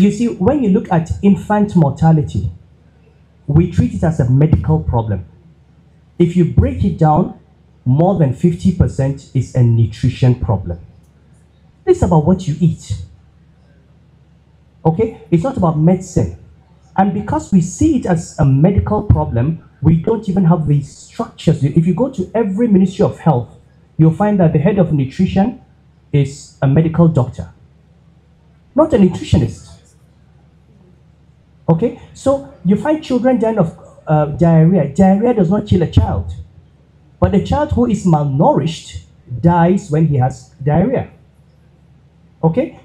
You see, when you look at infant mortality, we treat it as a medical problem. If you break it down, more than 50% is a nutrition problem. It's about what you eat. Okay? It's not about medicine. And because we see it as a medical problem, we don't even have the structures. If you go to every Ministry of Health, you'll find that the head of nutrition is a medical doctor, not a nutritionist. Okay, so you find children dying of uh, diarrhea. Diarrhea does not kill a child, but the child who is malnourished dies when he has diarrhea. Okay,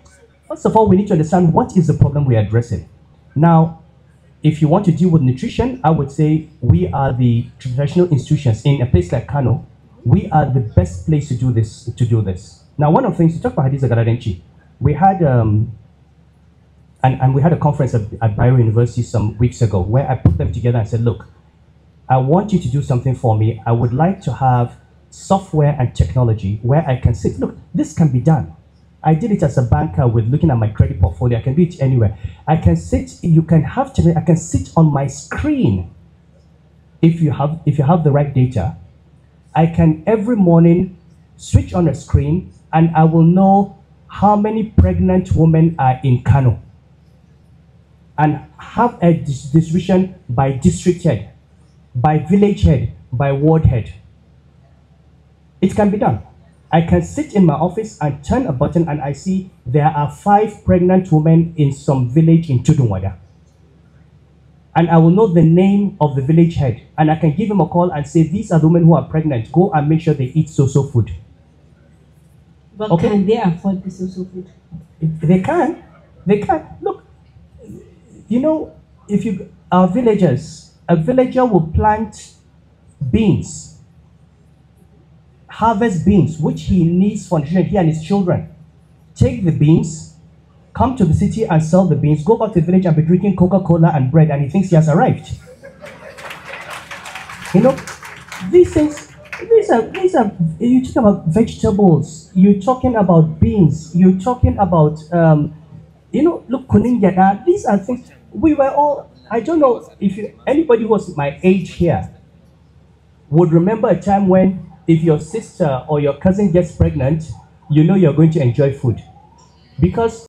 first of all, we need to understand what is the problem we are addressing. Now, if you want to deal with nutrition, I would say we are the traditional institutions in a place like Kano. We are the best place to do this. To do this. Now, one of the things to talk about is the Garadenchi, we had um, and, and we had a conference at, at Bayer University some weeks ago where I put them together and said, look, I want you to do something for me. I would like to have software and technology where I can say, look, this can be done. I did it as a banker with looking at my credit portfolio. I can do it anywhere. I can sit, you can have to, I can sit on my screen if you have if you have the right data. I can every morning switch on a screen and I will know how many pregnant women are in Kano and have a distribution by district head, by village head, by ward head. It can be done. I can sit in my office and turn a button and I see there are five pregnant women in some village in Tudunwada. And I will know the name of the village head. And I can give him a call and say, these are the women who are pregnant. Go and make sure they eat so-so food. But okay? can they afford the so-so food? They can. They can you know, if you are villagers, a villager will plant beans, harvest beans, which he needs for nutrition, he and his children. Take the beans, come to the city and sell the beans, go back to the village and be drinking Coca-Cola and bread, and he thinks he has arrived. You know, these things, these are, these are, you talk about vegetables, you're talking about beans, you're talking about um, you know, look, Kuninjada, these are things we were all, I don't know if you, anybody who was my age here would remember a time when if your sister or your cousin gets pregnant, you know you're going to enjoy food. Because